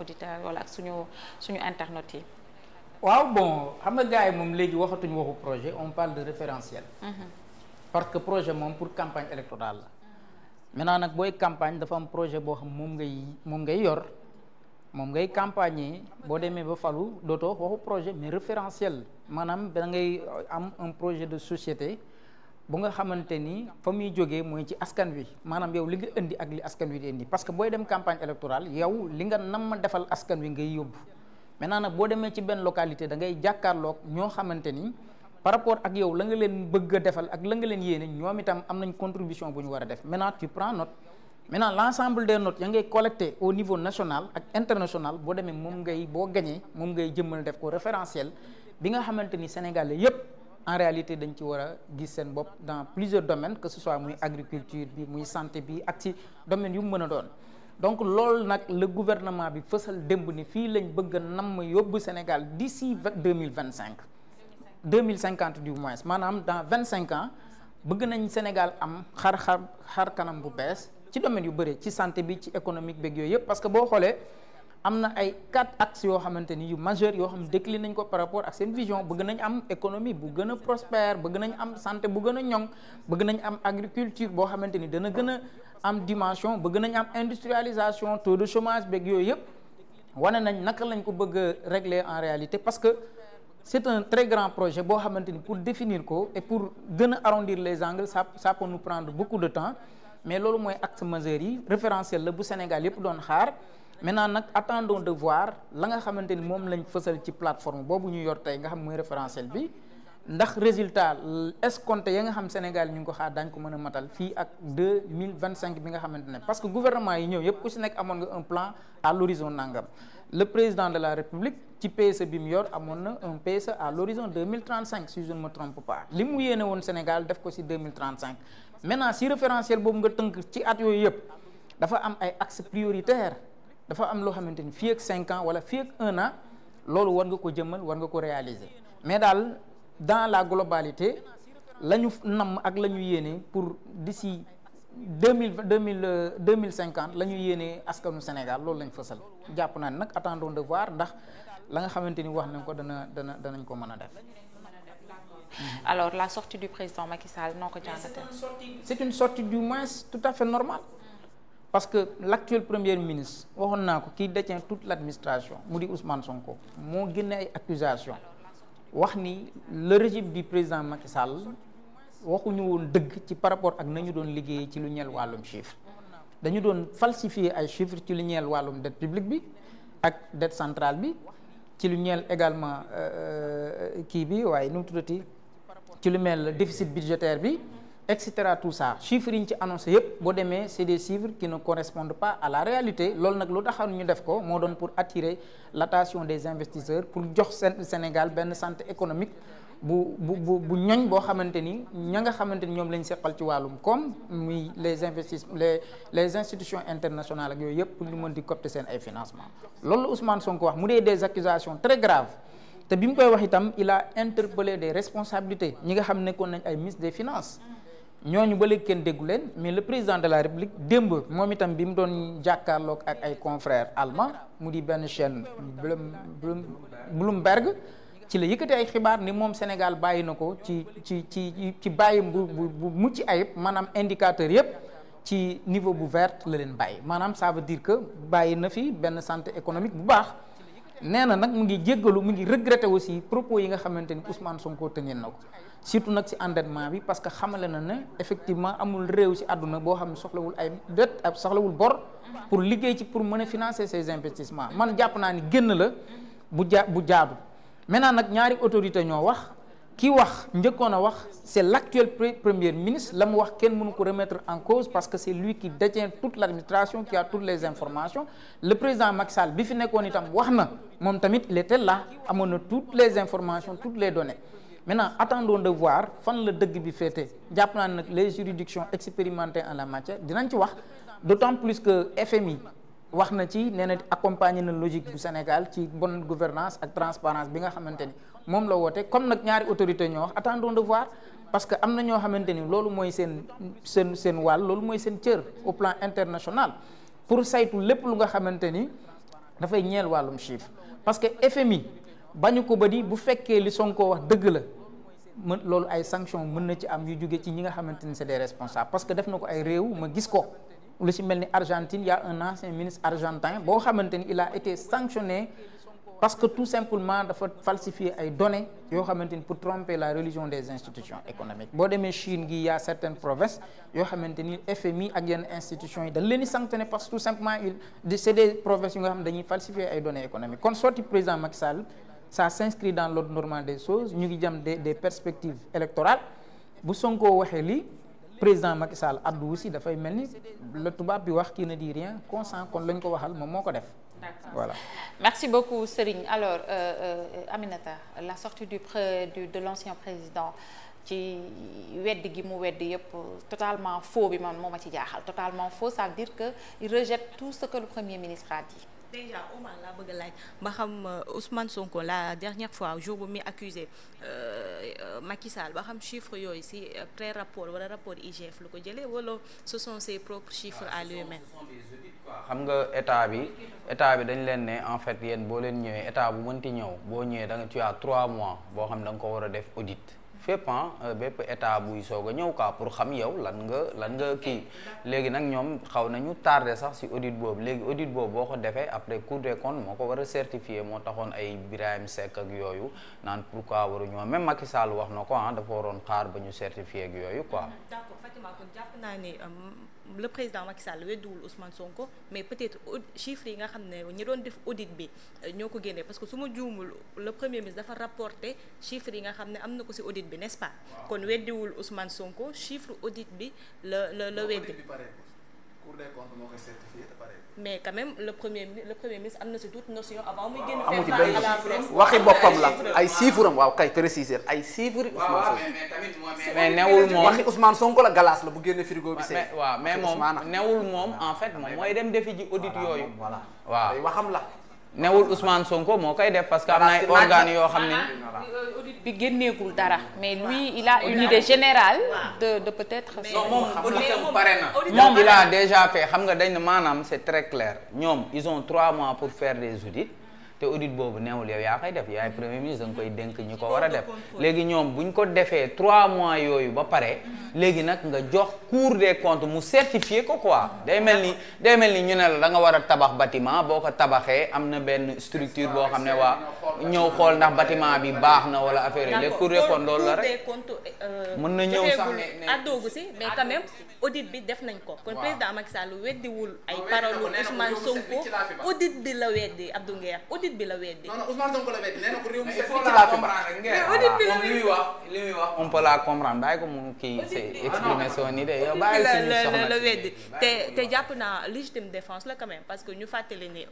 auditeurs wala ak suñu suñu internautes yi. waaw bon xam nga gars yi moom léegi waxatuñu waxu projet on parle de référentiel. Mhm. parce que projet moom pour campagne électorale la. maintenant nag booy campagne dafa am projet boo xam moom ngay moom ngay yor moom ngay campagner boo demee ba falu dootoo waxu projet mais référentiel maanaam da ngay am un projet de société. bu nga xamante ni fa muy jógee mooy ci askan wi maanaam yow li nga indi ak li askan wi di indi parce que booy dem campagne électorale yow li nga nam defal askan wi ngay yóbbu maintenant nag boo demee ci benn localité da ngay jàkkaarloog ñoo xamante ni par rapport ak yow la nga leen bëgg a defal ak la nga leen yéene ñoom itam am nañ contribution bu ñu war a def maintenant tu prends note maintenant l' ensemble des ya ngay collecté au niveau national ak international boo demee moom ngay boo gañee moom ngay jëmmal def ko référentiel bi nga xamante ni sénégalais yépp en réalité dañ ci war a gis seen bopp dans plusieurs domaines que ce soit muy agriculture bi muy santé bi ak ci domaine yu mu mën a doon donc loolu nag le gouvernement bi fësal démb ni fii lañ bëgg a namm yóbbu Sénégal di d'ici deux mille vingt cinq deux mille cinquante du moins maanaam dans vingt cinq ans bëgg nañ Sénégal am xar xar kanam bu bees ci domaine yu bëri ci santé bi ci économique beeg yooyu yëpp parce boo xoolee am na ay quatre axes yoo xamante ni yu majeur yoo xam décliné nañ ko par rapport ak seen vision bëgg nañ am économie bu gën a prospère bëgg nañ am santé bu gën a ñoŋ bëgg nañ am agriculture boo xamante ni dana gën a am dimension bëgg nañ am industrialisation taux de chômage beeg yooyu yëpp wane nañ naka lañ ko bëgg a régler en réalité parce que c'est un très grand projet boo xamante ni pour définir ko et pour gën a arrondir les angles ça ça nous prendre beaucoup de temps mais loolu mooy axe majeur yi référentiel la bu Sénégal yëpp doon xaar. maintenant nag attendons de voir la nga xamante ni moom lañ fësal ci plateforme boobu ñu yor tey nga xam mooy référentiel bi ndax résultat escompté ya nga xam Sénégal ñu ngi ko xaar daañ ko mën a matal fii ak deux mille vingt cinq bi nga xamante ne parce que gouvernement yi ñëw yëpp ku si nekk amoon nga un plan à l'horizon nangam le président de la République ci PSE bi mu yor amoon na un PSE à l'horizon deux mille trente cinq si je ne li mu yéene woon Sénégal def ko si deux mille trente cinq maintenant si référentiel boobu nga tënk ci at yooyu yëpp dafa am ay axes prioritaires dafa am loo xamante ni fii ak cinq wala fii ak un an loolu war nga ko jëmmal war nga ko réaliser mais daal dans la globalité lañu ñu namm ak la ñu yéene pour d'ici deux mille deux mille deux mille cinquante la ñu yéene askanu Sénégal loolu la ñu fësal jàpp naa ne nag attendons de voir ndax langa nga xamante wax nañ ko dana dana danañ ko mën a def. alors la sortie du président Macky Sall noo ko jàngatee. c'est une sortie du moins tout à fait normal parce que l'actuel première ministre waxoon naa ko kii détient toute l'administration mu di son Sonko moo génne ay accusations wax ni le régime du président Macky Sall waxuñu woon dëgg ci par rapport ak nañu doon liggéeye ci lu ñeel wàllum chiffre dañu doon falsifier ay chiffres ci lu ñeel wàllum dette publique bi ak dette centrale bi ci lu ñeel également euh, euh, kii bi waaye nu mu tuddati ci lu mel déficit budgétaire bi et cetera tout ça chiffres yi ñu ci annoncé yëpp boo demee c'est des chiffres qui ne correspondent pas à la réalité loolu nag lu taxaw ñu def ko moo doon pour attirer l'attention des investisseurs pour jox Sénégal benn santé économique bu bu bu bu ñoñ boo xamante ni ña nga xamante ni ñoom lañ seqal ci wàllum comme muy les investis les les institutions internationales ak yooyu yëpp pour ñu di copter seen ay financement loolu Ousmane Sonko wax mu dee des accusations très graves te bi mu koy wax des responsabilités ñi nga xam nekkoon nañ ay ministre des finances ñooñu ba léegi kenn déggu leen mais le président de la république démb moom itam bi mu doon jàkkaarloog ak ay confrères allemands mu di benn chaine chaîne Bloomberg ci la yëkkati ay xibaar ni moom Sénégal bàyyi na ko ci ci ci ci bàyyi bu bu mucc ayib maanaam indicateur yëpp ci niveau bu vert la leen bàyyi maanaam ça veut dire que bàyyi na fi benn santé économique bu baax. nee na nag mu ngi jéggalu mu ngi regretté aussi propos yi nga xamante ni Ousmane Sonko tëngeen na ko surtout nag ci endettement bi parce que xamale na ne effectivement amul réew ci àdduna boo xam ne soxlawul ay dette ak soxlawul bor pour liggéey ci pour mën a financer ses investissements man jàpp naa ni génn la bu jaa bu jaadu maintenant nag ñaari autorité ñoo wax ki wax njëkkoon a wax c'est l'actuel premier ministre la mu wax kenn mënu ko remettre en cause parce que c'est lui qui détient toute l'administration qui a toutes les informations le président Macky bi fi nekkoon itam wax na moom tamit il était là amoon na toutes les informations toutes les données maintenant attendons de voir fan la dëgg bi féete jàpp naa nag les juridictions expérimentées en la matière dinañ ci wax d'autant plus que FMI wax na ci nee na accompagner na logique bu Sénégal ci bonne gouvernance ak transparence bi nga xamante ni moom la woote comme nag ñaari autorité ñoo wax attendons de voir parce que am na ñoo xamante ni loolu mooy seen seen wàll loolu mooy seen cër au plan international pour saytu lépp lu nga xamante ni dafay ñeel wàllum chiffre parce que FMI bañu ko ba di bu fekkee li Sonko wax dëgg la mën loolu ay sanctions mën na ci am yu jóge ci ñi nga xamante ni c'est des responsables parce que def na ko ay réew ma gis ko lu ci mel ni Argentine y a un ancien ministre argentin boo xamante ni il a été sanctionné parce que tout simplement dafa falsifier ay données yoo xamante ni pour tromper la religion des institutions économiques boo demee Chine gi y a certaines provinces yoo xamante ni FMI ak yenn institutions yi dañ leen di sanctionné parce que tout simplement il c'est des provinces yi nga xam dañuy falsifier ay données économiques kon sorti président Macky Sall ça s'inscrit ngi jëm des des perspectives électorales bu Sonko lii président Macky Sall addu aussi dafay mel ni la tubaab bi wax ki na di rien consent kon lañ ko waxal moom moo ko def voilà merci beaucoup Serigne alors euh, euh, la sortie du pré du de l'ancien président ci wedd gi mu wedd yëpp totalement faux bi man moo ma ci jaaxal totalement faux sa veut dire que il rejette tout ce que le premier ministre a dit déjà Omar laa bëgg a laaj ba xam euh, Ousmane Sonko la dernière fois jour bu muy accusé euh, Macky Sall ba xam chiffre yooyu si euh, pré rapport wala rapport IGF lu ko jëlee wala ce sont ses propres chiffres ah, à lui xam nga état bi état bi dañ leen ne en fait yéen boo leen ñëwee état bu mënti ñëw boo ñëwee da nga tu as trois mois boo xam da nga ko war a def audit fépp ah bépp état buy soog a ñëw quoi pour xam yow lan nga lan nga kii léegi nag ñoom xaw nañu tardé sax si audit boobu léegi audit boobu boo ko defee après cour des comptes moo ko war a certifié moo taxoon ay Birahim Seck ak yooyu naan pourquoi waru ñoo même Macky Sall wax na ko ah dafa waroon xaar ba ñu certifié ak yooyu quoi. Mm-hmm. d'accord Fatima kon jàpp naa ne euh, le président Macky Sall wedduwul Ousmane Sonko mais peut-être chiffres yi nga xam ne ñi doon bi n'est-ce pas kon weddiwul Ousmane Sonko bi la la le premier le premier ministre am na si toute notion avant. muy génn amu la ay chiffres am waaw ay chiffres. Ousmane Sonko mais newul la galaas la bu génne frigo bi. waaw mais moom newul moom en ah, mooy dem defi audit yooyu. waaw waxam la. newul Ousmane Sonko moo koy def parce que am na ay organes yoo xam ne. audit bi génneegul dara. mais lui il a une idée de de peut-être. moom moom il a déjà fait xam nga dañ ne maanaam c'est très clair ñoom ils ont trois mois pour faire des audits. te audit boobu neewul yow yaa koy def yaay premier ministre da koy mm-hmm. dénk ñi ko war a def léegi ñoom bu ñu ko defee trois mois yooyu ba pare mm-hmm. léegi nag nga jox cour des comptes mu certifié ko quoi mm-hmm. day mel ni day mel ni ñu ne la da nga war a tabax batiment boo ko tabaxee am na benn structure boo xam ne waa ñëw xool ndax batiment bi baax na wala affaire yi léegi cour des comptes loolu la rek euh, mën na ñëw sax ne àddoogu si mais quand même audit bi def nañ ko kon président Macky Sall weddiwul ay parole bi audit bi la weddi. non non Ousmane Sonko la weddi nee na ko réew mi. il faut la comprendre rek mais audit bi la weddi li on peut la bàyyi ko mu kii c'est exprimation ni de yow bàyyi la weddi te jàpp naa légitime défense la quand parce que ñu fàttali ni.